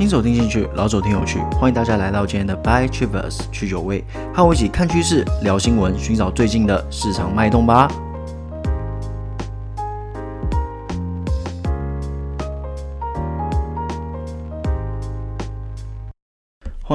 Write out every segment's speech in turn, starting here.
新手聽進去，老手聽有趣，歡迎大家來到今天的 Bytrivers 去酒味，和我一起看趨勢、聊新聞，尋找最近的市場脈動吧。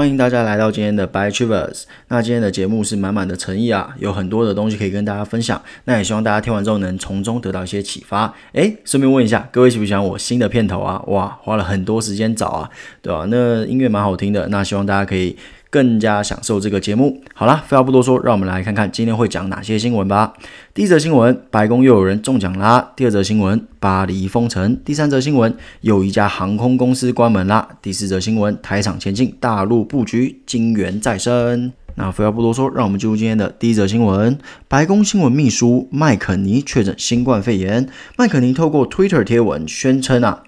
歡迎大家來到今天的《Bytrivers》，那今天的節目是滿滿的誠意啊，有很多的東西可以跟大家分享。那也希望大家聽完之後能從中得到一些啟發。誒，順便問一下，各位喜不喜歡我新的片頭啊？哇，花了很多時間找啊，對吧、啊？那音樂蠻好聽的，那希望大家可以。更加享受這個節目。好啦，廢話不多說，讓我們來看看今天會講哪些新聞吧。第一則新聞，白宮又有人中獎啦。第二則新聞，巴黎封城。第三則新聞，又一家航空公司關門啦。第四則新聞，台廠前進大陸佈局，晶圓再生。那廢話不多說，讓我們進入今天的第一則新聞：白宮新聞秘書麥肯尼確診新冠肺炎。麥肯尼透過 Twitter 貼文宣稱啊。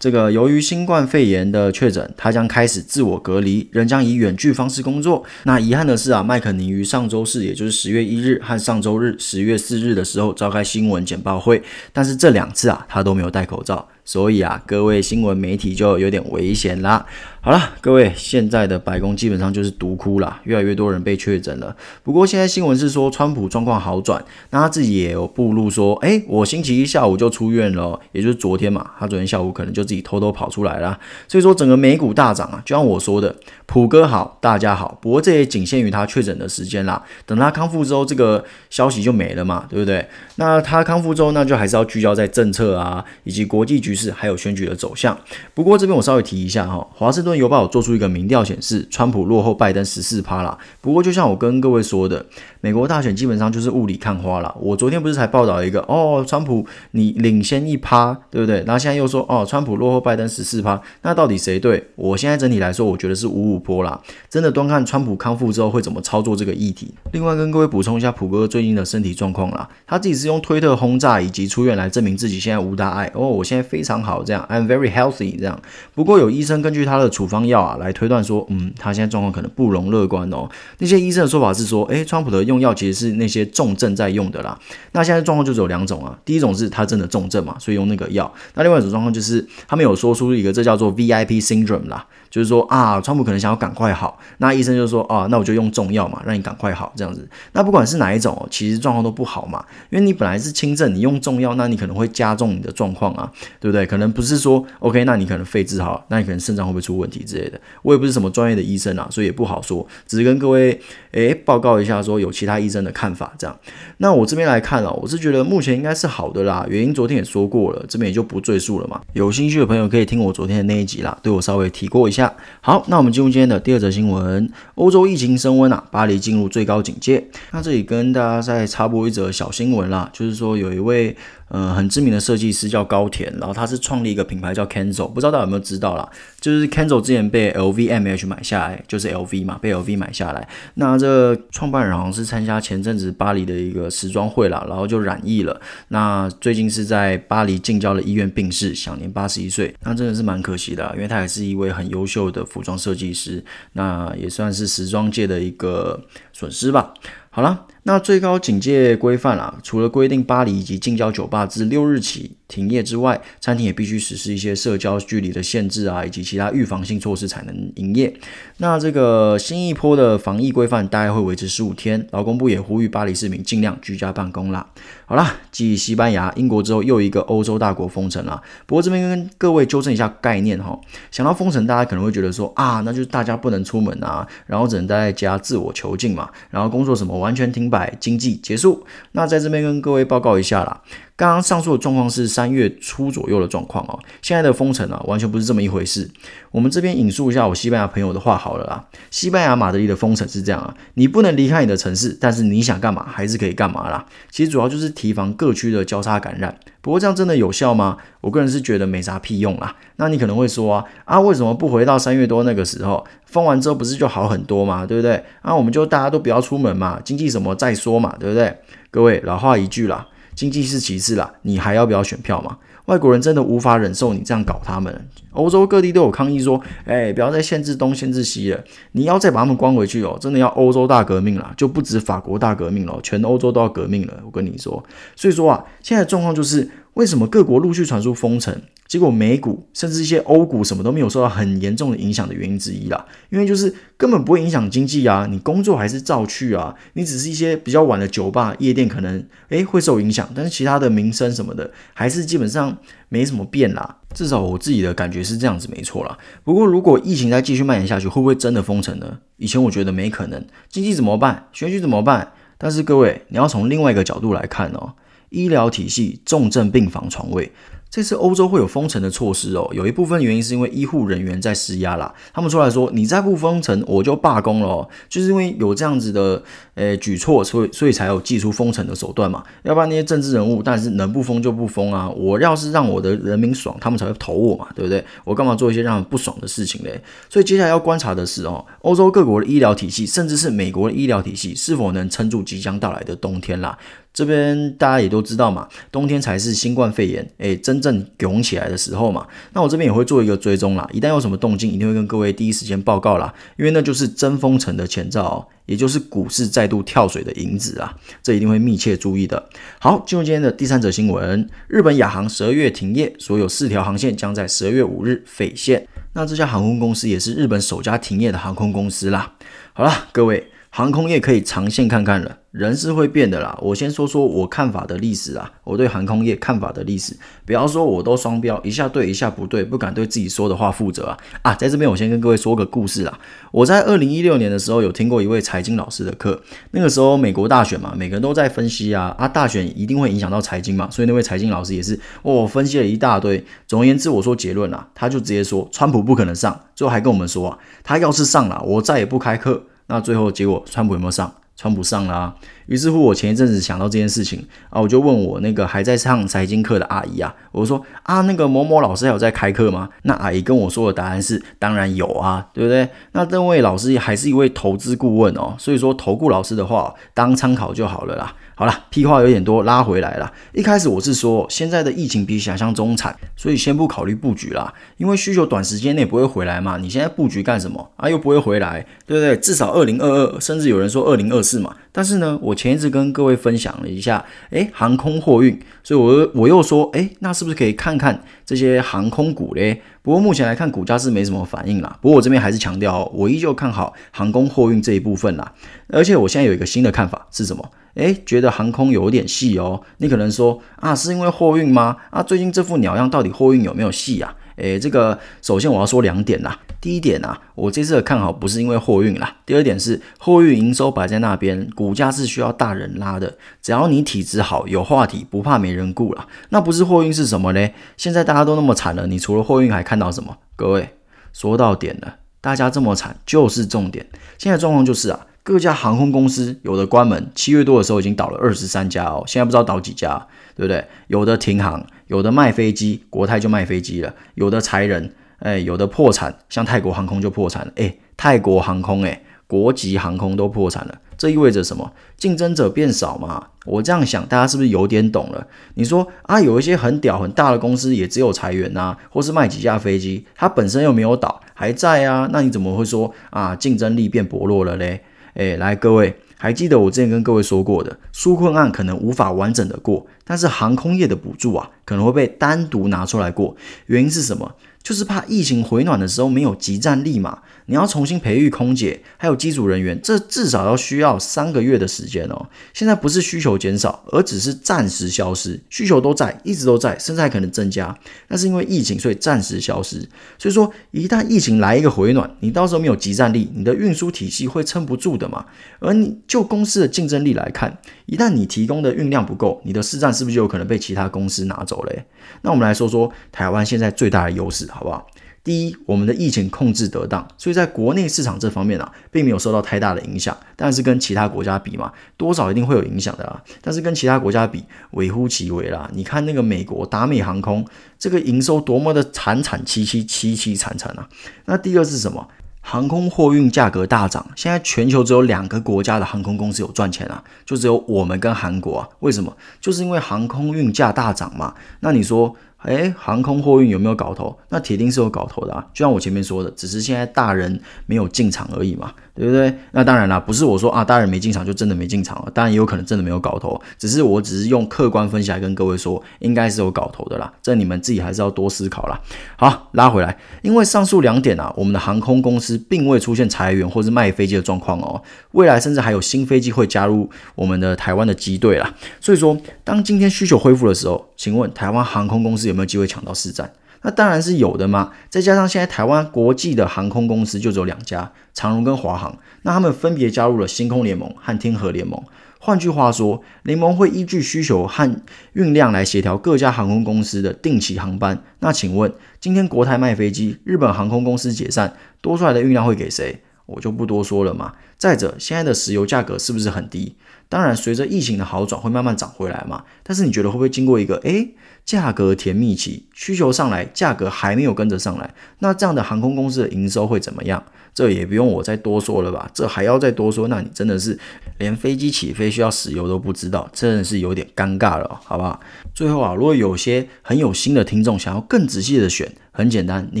這個由於新冠肺炎的確診，他將開始自我隔離，仍將以遠距方式工作。那遺憾的是啊，麥肯尼於上周四，也就是十月一日和上周日，十月四日的時候召開新聞簡報會，但是這兩次啊，他都沒有戴口罩。所以啊，各位新聞媒體就有點危險啦。好了，各位，現在的白宮基本上就是毒窟啦，越來越多人被確診了。不過現在新聞是說川普狀況好轉，那他自己也有透露說，欸，我星期一下午就出院了哦，也就是昨天嘛。他昨天下午可能就自己偷偷跑出來啦。所以說整個美股大漲啊，就像我說的，普哥好，大家好。不過這也僅限於他確診的時間啦。等他康復之後，這個消息就沒了嘛，對不對？那他康復之後，那就還是要聚焦在政策啊，以及國際局。於是還有選舉的走向。不過這邊我稍微提一下哈、哦，華盛頓郵報有做出一個民調顯示，川普落後拜登十四趴啦。不過就像我跟各位說的，美國大選基本上就是霧裡看花啦。我昨天不是才報道了一個哦，川普你領先一趴，對不對？然後現在又說哦，川普落後拜登十四趴，那到底誰對？我現在整體來說，我覺得是五五波啦。真的端看川普康復之後會怎麼操作這個議題。另外跟各位補充一下，普哥，哥最近的身體狀況啦，他自己是用推特轟炸以及出院來證明自己現在無大礙。哦，我現在非。非常好，這樣 I'm very healthy 這樣。不過有醫生根據他的處方藥啊來推斷說，嗯，他現在狀況可能不容樂觀哦。那些醫生的說法是說，哎，川普的用藥其實是那些重症在用的啦。那現在狀況就是有兩種啊，第一種是他真的重症嘛，所以用那個藥。那另外一種狀況就是，他沒有說出一個這叫做 VIP syndrome 啦，就是說啊，川普可能想要趕快好。那醫生就說啊，那我就用重藥嘛，讓你趕快好這樣子。那不管是哪一種，其實狀況都不好嘛，因為你本來是輕症，你用重藥，那你可能會加重你的狀況啊，對對，可能不是說 OK，那你可能肺治好，那你可能腎臟會不會出問題之類的？我也不是什麼專業的醫生啊，所以也不好說，只是跟各位誒報告一下，說有其他醫生的看法這樣。那我這邊來看啊，我是覺得目前應該是好的啦，原因昨天也說過了，這邊也就不贅述了嘛。有興趣的朋友可以聽我昨天的那一集啦，對我稍微提過一下。好，那我們進入今天的第二則新聞，歐洲疫情升溫啊，巴黎進入最高警戒。那這裡跟大家再插播一則小新聞啦，就是說有一位。嗯，很知名的設計師叫高田，然後他是創立一個品牌叫 Kenzo，不知道大家有沒有知道啦？就是 Kenzo 之前被 LVMH 買下來，就是 LV 嘛，被 LV 買下來。那這創辦人好像是參加前陣子巴黎的一個時裝會啦，然後就染疫了。那最近是在巴黎近郊的醫院病逝，享年八十一歲。那真的是蠻可惜的，因為他也是一位很優秀的服裝設計師，那也算是時裝界的一個損失吧。好啦。那最高警戒規範啊，除了規定巴黎以及近郊酒吧自六日起停業之外，餐廳也必須實施一些社交距離的限制啊，以及其他預防性措施才能營業。那這個新一波的防疫規範大概會維持十五天。勞工部也呼籲巴黎市民盡量居家辦公啦。好啦，繼西班牙、英國之後，又一個歐洲大國封城啦，啊。不過這邊跟各位糾正一下概念哈，想到封城，大家可能會覺得說啊，那就是大家不能出門啊，然後只能待在家自我囚禁嘛，然後工作什麼完全停。百經濟結束，那在這邊跟各位報告一下啦。剛剛上述的狀況是三月初左右的狀況哦，現在的封城啊，完全不是這麼一回事。我們這邊引述一下我西班牙朋友的話好了啦，西班牙馬德里的封城是這樣啊，你不能離開你的城市，但是你想幹嘛還是可以幹嘛啦。其實主要就是提防各區的交叉感染，不過這樣真的有效嗎？我個人是覺得沒啥屁用啦。那你可能會說啊啊，為什麼不回到三月多那個時候封完之後不是就好很多嘛，對不對？那、啊、我們就大家都不要出門嘛，經濟什麼再說嘛，對不對？各位老話一句啦。經濟是其次啦，你還要不要選票嘛？外國人真的無法忍受你這樣搞他們，歐洲各地都有抗議說，哎，不要再限制東限制西了，你要再把他們關回去哦，真的要歐洲大革命了，就不止法國大革命了，全歐洲都要革命了。我跟你說，所以說啊，現在的狀況就是為什麼各國陸續傳出封城。結果美股甚至一些歐股什麼都沒有受到很嚴重的影響的原因之一啦，因為就是根本不會影響經濟啊，你工作還是照去啊，你只是一些比較晚的酒吧、夜店可能誒會受影響，但是其他的民生什麼的還是基本上沒什麼變啦。至少我自己的感覺是這樣子，沒錯啦。不過如果疫情再繼續蔓延下去，會不會真的封城呢？以前我覺得沒可能，經濟怎麼辦？選舉怎麼辦？但是各位，你要從另外一個角度來看哦，醫療體系、重症病房床位。這次歐洲會有封城的措施哦，有一部分原因是因為醫護人員在施壓啦。他們出來說：“你再不封城，我就罷工了哦。”就是因為有這樣子的誒舉措，所以所以才有祭出封城的手段嘛。要不然那些政治人物，但是能不封就不封啊。我要是讓我的人民爽，他們才會投我嘛，對不對？我幹嘛做一些讓人不爽的事情嘞？所以接下來要觀察的是哦，歐洲各國的醫療體系，甚至是美國的醫療體系，是否能撐住即將到來的冬天啦。這邊大家也都知道嘛，冬天才是新冠肺炎，哎，真正湧起來的時候嘛。那我這邊也會做一個追蹤啦，一旦有什麼動靜，一定會跟各位第一時間報告啦。因為那就是真封城的前兆哦，也就是股市再度跳水的引子啊，這一定會密切注意的。好，進入今天的第三則新聞，日本亞航十二月停業，所有四條航線將在十二月五日廢線。那這家航空公司也是日本首家停業的航空公司啦。好啦，各位，航空業可以長線看看了，人是會變的啦，我先說說我看法的歷史啊，我對航空業看法的歷史，不要說我都雙標，一下對一下不對，不敢對自己說的話負責啊啊，在這邊我先跟各位說個故事啊，我在二零一六年的時候有聽過一位財經老師的課，那個時候美國大選嘛，每個人都在分析啊啊，大選一定會影響到財經嘛，所以那位財經老師也是哦，分析了一大堆，總而言之我說結論啊，他就直接說川普不可能上，最後還跟我們說啊，他要是上了，我再也不開課，那最後結果川普有沒有上？穿不上啦。啊，於是乎我前一陣子想到這件事情啊，我就問我那個還在上財經課的阿姨啊，我說啊，那個某某老師還有在開課嗎？那阿姨跟我說的答案是，當然有啊，對不對？那這位老師還是一位投資顧問哦，所以說投顧老師的話當參考就好了啦。好了，屁話有點多，拉回來了。一開始我是說現在的疫情比想象中慘，所以先不考慮布局啦，因為需求短時間內不會回來嘛。你現在布局幹什麼啊？又不會回來，對不對？至少二零二二，甚至有人說二零二四嘛。但是呢，我前一次跟各位分享了一下，哎，航空貨運，所以我我又說，哎，那是不是可以看看這些航空股嘞？不過目前來看，股價是沒什麼反應啦，不過我這邊還是強調哦，我依舊看好航空貨運這一部分啦。而且我現在有一個新的看法是什麼？哎，覺得。航空有點戲哦，你可能說啊，是因為貨運嗎？啊，最近這副鳥樣，到底貨運有沒有戲啊？誒，這個首先我要說兩點吶，第一點啊，我這次的看好不是因為貨運啦。第二點是貨運營收擺在那邊，股價是需要大人拉的。只要你體質好，有話題，不怕沒人顧啦。那不是貨運是什麼呢？現在大家都那麼慘了，你除了貨運還看到什麼？各位說到點了，大家這麼慘就是重點。現在狀況就是啊。各家航空公司有的關門，七月多的時候已經倒了二十三家哦，現在不知道倒幾家，對不對？有的停航，有的賣飛機，國泰就賣飛機了，有的裁人，哎，有的破產，像泰國航空就破產了，哎，泰國航空，哎，國際航空都破產了，這意味着什麼？競爭者變少嘛？我這樣想，大家是不是有點懂了？你說啊，有一些很屌很大的公司，也只有裁員吶、啊，或是賣幾架飛機，它本身又沒有倒，還在啊，那你怎麼會說啊，競爭力變薄弱了嘞？誒、哎，來各位，還記得我之前跟各位說過的，紓困案可能無法完整的過，但是航空業的補助啊，可能會被單獨拿出來過。原因是什麼？就是怕疫情回暖的時候沒有即戰力嘛。你要重新培育空姐，還有機組人員，這至少要需要三個月的時間哦。現在不是需求減少，而只是暫時消失，需求都在，一直都在，甚至還可能增加。那是因為疫情，所以暫時消失。所以說，一旦疫情來一個回暖，你到時候沒有即戰力，你的運輸體系會撐不住的嘛。而你就公司的競爭力來看，一旦你提供的運量不夠，你的市占是不是就有可能被其他公司拿走嘞？那我們來說說台灣現在最大的優勢，好不好？第一，我們的疫情控制得當，所以在國內市場這方面啊，並沒有受到太大的影響。但是跟其他國家比嘛，多少一定會有影響的啊。但是跟其他國家比，微乎其微啦。你看那個美國達美航空，這個營收多麼的慘慘淒淒淒淒慘慘啊！那第二是什麼？航空貨運價格大漲，現在全球只有兩個國家的航空公司有賺錢啊，就只有我們跟韓國啊。為什麼？就是因為航空運價大漲嘛。那你說，哎，航空貨運有沒有搞頭？那鐵定是有搞頭的啊！就像我前面說的，只是現在大人沒有進場而已嘛，對不對？那當然啦，不是我說啊，大人沒進場就真的沒進場了。當然也有可能真的沒有搞頭，只是我只是用客觀分析來跟各位說，應該是有搞頭的啦。這你們自己還是要多思考啦。好，拉回來，因為上述兩點啊，我們的航空公司並未出現裁員或是賣飛機的狀況哦。未來甚至還有新飛機會加入我們的台灣的機隊啦。所以說，當今天需求恢復的時候，請問台灣航空公司有有沒有機會搶到市佔？那當然是有的嘛！再加上現在台灣國際的航空公司就只有兩家，長榮跟華航，那他們分別加入了星空聯盟和天合聯盟。換句話說，聯盟會依據需求和運量來協調各家航空公司的定期航班。那請問，今天國台賣飛機，日本航空公司解散，多出來的運量會給誰？我就不多說了嘛。再者，現在的石油價格是不是很低？當然，隨着疫情的好轉，會慢慢漲回來嘛。但是你覺得會不會經過一個誒？價格甜蜜期，需求上來，價格還沒有跟着上來，那這樣的航空公司的營收會怎麼樣？這也不用我再多說了吧？這還要再多說，那你真的是連飛機起飛需要石油都不知道，真的是有點尷尬了哦，好不好？最後啊，如果有些很有心的聽眾想要更仔細的選。很簡單，你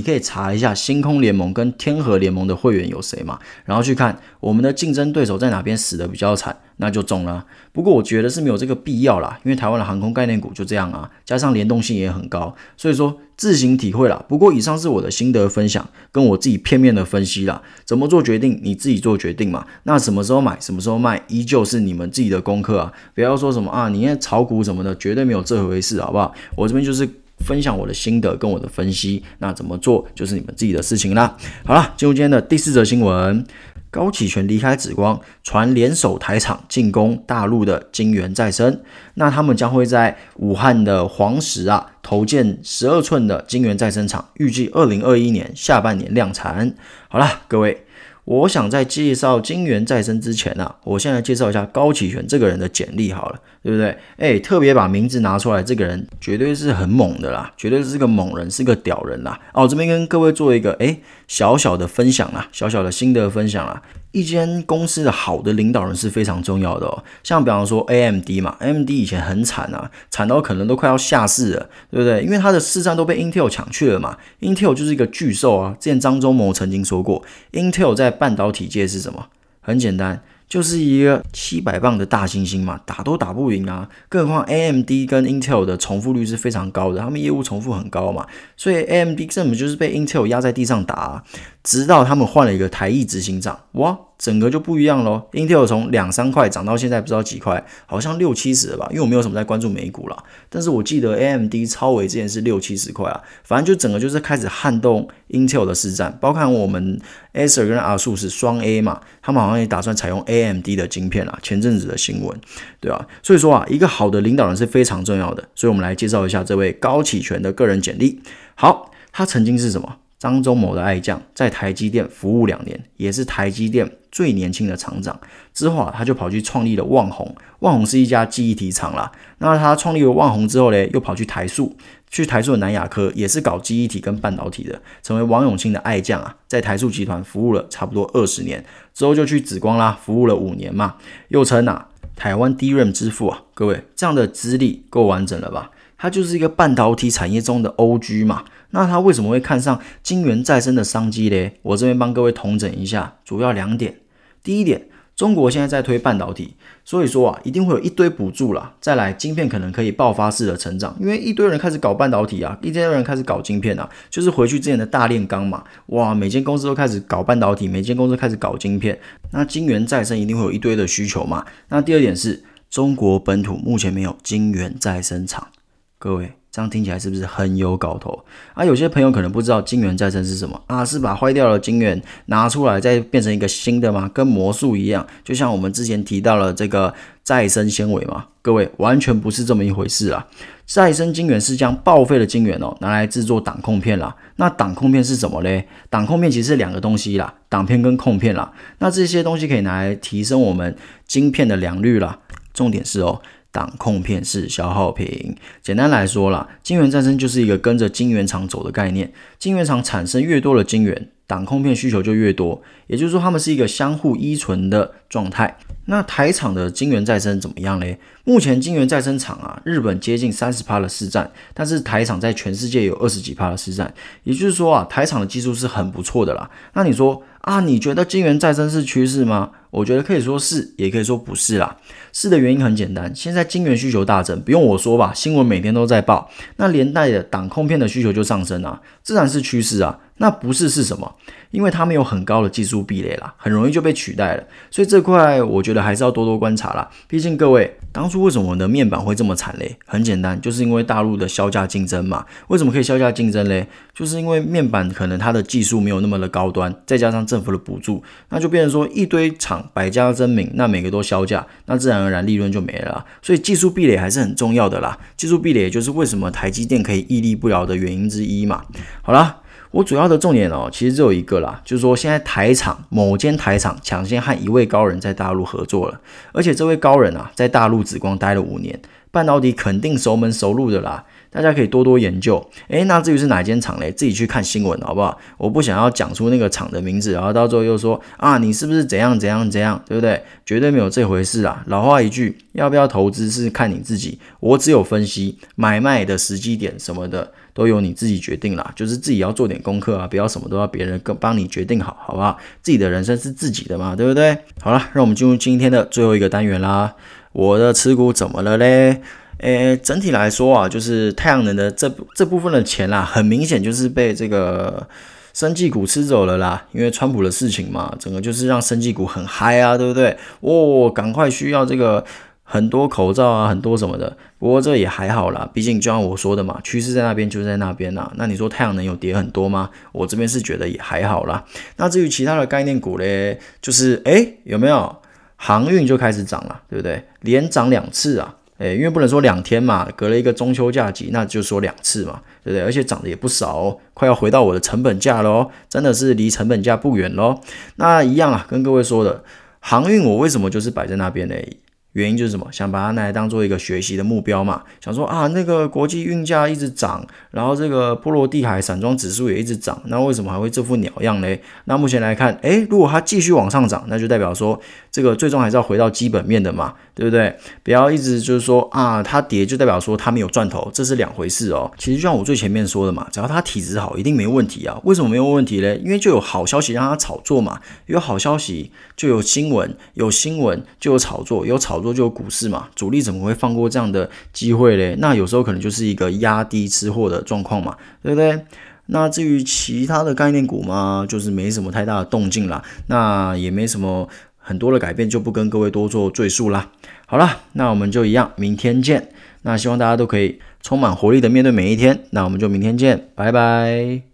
可以查一下星空聯盟跟天合聯盟的會員有誰嘛，然後去看我們的競爭對手在哪邊死的比較慘，那就中了。不過我覺得是沒有這個必要啦，因為台灣的航空概念股就這樣啊，加上聯動性也很高，所以說自行體會啦。不過以上是我的心得分享，跟我自己片面的分析啦。怎麼做決定，你自己做決定嘛。那什麼時候買，什麼時候賣，依舊是你們自己的功課啊。不要說什麼啊，你現在炒股什麼的，絕對沒有這回事，好不好？我這邊就是。分享我的心得跟我的分析，那怎麼做就是你們自己的事情啦。好啦，進入今天的第四則新聞，高啟全離開紫光，傳聯手台廠進攻大陸的晶圓再生。那他們將會在武漢的黃石啊投建十二寸的晶圓再生廠，預計二零二一年下半年量產。好啦，各位。我想在介紹晶圓再生之前呢、啊，我先來介紹一下高啟全這個人的簡歷好了，對不對？哎，特別把名字拿出來，這個人絕對是很猛的啦，絕對是個猛人，是個屌人啦。哦，這邊跟各位做一個哎小小的分享啦，小小的心得分享啦。一間公司的好的領導人是非常重要的哦，像比方說 AMD 嘛，AMD 以前很慘啊，慘到可能都快要下市了，對不對？因為它的市場都被 Intel 搶去了嘛，Intel 就是一個巨獸啊。之前張忠謀曾經說過，Intel 在半導體界是什麼？很簡單。就是一個七百磅的大猩猩嘛，打都打不贏啊！更何況 AMD 跟 Intel 的重複率是非常高的，他們業務重複很高嘛，所以 AMD 根本就是被 Intel 壓在地上打，直到他們換了一個台裔執行長，哇！整個就不一樣咯，Intel 從兩三塊漲到現在不知道幾塊，好像六七十吧，因為我沒有什麼在關注美股啦，但是我記得 AMD 超微之前是六七十塊啊，反正就整個就是開始撼動 Intel 的市占，包括我們 Acer 跟 ASUS 是雙 A 嘛，他們好像也打算採用 AMD 的晶片啊，前陣子的新聞，對啊，所以說啊，一個好的領導人是非常重要的。所以我們來介紹一下這位高啟全的個人簡歷。好，他曾經是什麼？張忠謀的愛將，在台積電服務兩年，也是台積電最年輕的廠長。之後啊，他就跑去創立了旺宏。旺宏是一家記憶體廠啦。那他創立了旺宏之後呢，又跑去台塑，去台塑的南亞科，也是搞記憶體跟半導體的，成為王永慶的愛將啊，在台塑集團服務了差不多二十年。之後就去紫光啦，服務了五年嘛。又稱啊，台灣 DRAM 之父啊，各位這樣的資歷夠完整了吧？它就是一個半導體產業中的 OG 嘛，那它為什麼會看上晶圓再生的商機嘞？我這邊幫各位統整一下，主要兩點。第一點，中國現在在推半導體，所以說啊，一定會有一堆補助啦，再來，晶片可能可以爆發式的成長，因為一堆人開始搞半導體啊，一堆人開始搞晶片啊，就是回去之前的大煉鋼嘛，哇，每間公司都開始搞半導體，每間公司開始搞晶片，那晶圓再生一定會有一堆的需求嘛。那第二點是中國本土目前沒有晶圓再生廠。各位，這樣聽起來是不是很有搞頭啊？有些朋友可能不知道晶圓再生是什麼啊？是把壞掉的晶圓拿出來再變成一個新的嗎？跟魔術一樣？就像我們之前提到了這個再生纖維嘛？各位完全不是這麼一回事啊！再生晶圓是將報廢的晶圓哦拿來製作擋控片啦。那擋控片是什麼嘞？擋控片其實是兩個東西啦，擋片跟控片啦。那這些東西可以拿來提升我們晶片的良率啦。重點是哦。擋控片是消耗品，簡單來說啦，晶圓再生就是一個跟着晶圓廠走的概念。晶圓廠產生越多的晶圓，擋控片需求就越多，也就是說它們是一個相互依存的狀態。那台廠的晶圓再生怎麼樣嘞？目前晶圓再生廠啊，日本接近三十趴的市占，但是台廠在全世界有二十幾趴的市占，也就是說啊，台廠的技術是很不錯的啦。那你說？啊，你覺得晶圓再生是趨勢嗎？我覺得可以說是，也可以說不是啦。是的原因很簡單，現在晶圓需求大增，不用我說吧，新聞每天都在報。那連帶的擋控片的需求就上升啊，自然是趨勢啊。那不是是什麼？因為它沒有很高的技術壁壘啦，很容易就被取代了。所以這塊我覺得還是要多多觀察了，畢竟各位。當初為什麼我們的面板會這麼慘嘞？很簡單，就是因為大陸的削價競爭嘛。為什麼可以削價競爭嘞？就是因為面板可能它的技術沒有那麼的高端，再加上政府的補助，那就變成說一堆廠百家爭鳴，那每個都削價，那自然而然利潤就沒了啦。所以技術壁壘還是很重要的啦。技術壁壘也就是為什麼台積電可以屹立不搖的原因之一嘛。好啦。我主要的重點哦，其實只有一個啦，就是說現在台廠某間台廠搶先和一位高人在大陸合作了，而且這位高人啊在大陸紫光待了五年，半導體肯定熟門熟路的啦，大家可以多多研究。誒。那至於是哪間廠嘞，自己去看新聞好不好？我不想要講出那個廠的名字，然後到最後又說啊你是不是怎樣怎樣怎樣，對不對？絕對沒有這回事啊！老話一句，要不要投資是看你自己，我只有分析買賣的時機點什麼的。都由你自己決定啦，就是自己要做點功課啊，不要什麼都要別人幫幫你決定好，好好不好？自己的人生是自己的嘛，對不對？好啦，讓我們進入今天的最後一個單元啦。我的持股怎麼了嘞？誒，整體來說啊，就是太陽能的這這部分的錢啦，啊，很明顯就是被這個生技股吃走了啦，因為川普的事情嘛，整個就是讓生技股很嗨啊，對不對？哦，趕快需要這個。很多口罩啊，很多什麼的，不過這也還好啦，畢竟就像我說的嘛，趨勢在那邊就在那邊啦、啊。那你說太陽能有跌很多嗎？我這邊是覺得也還好啦。那至於其他的概念股嘞，就是誒，有沒有航運就開始漲了，對不對？連漲兩次啊，誒，因為不能說兩天嘛，隔了一個中秋假期，那就說兩次嘛，對不對？而且漲的也不少哦，快要回到我的成本價咯，真的是離成本價不遠咯。那一樣啊，跟各位說的，航運我為什麼就是擺在那邊嘞？原因就是什麼？想把它拿來當做一個學習的目標嘛。想說啊，那個國際運價一直漲，然後這個波羅的海散裝指數也一直漲，那為什麼還會這副鳥樣嘞？那目前來看，哎，如果它繼續往上漲，那就代表說。這個最終還是要回到基本面的嘛，對不對？不要一直就是說啊，它跌就代表說它沒有賺頭，這是兩回事哦。其實就像我最前面說的嘛，只要它體質好，一定沒問題啊。為什麼沒有問題嘞？因為就有好消息讓它炒作嘛，有好消息就有新聞，有新聞就有炒作，有炒作就有股市嘛。主力怎麼會放過這樣的機會嘞？那有時候可能就是一個壓低吃貨的狀況嘛，對不對？那至於其他的概念股嘛，就是沒什麼太大的動靜啦，那也沒什麼。很多的改變就不跟各位多做贅述啦。好啦，那我們就一樣，明天見。那希望大家都可以充滿活力的面對每一天。那我們就明天見，拜拜。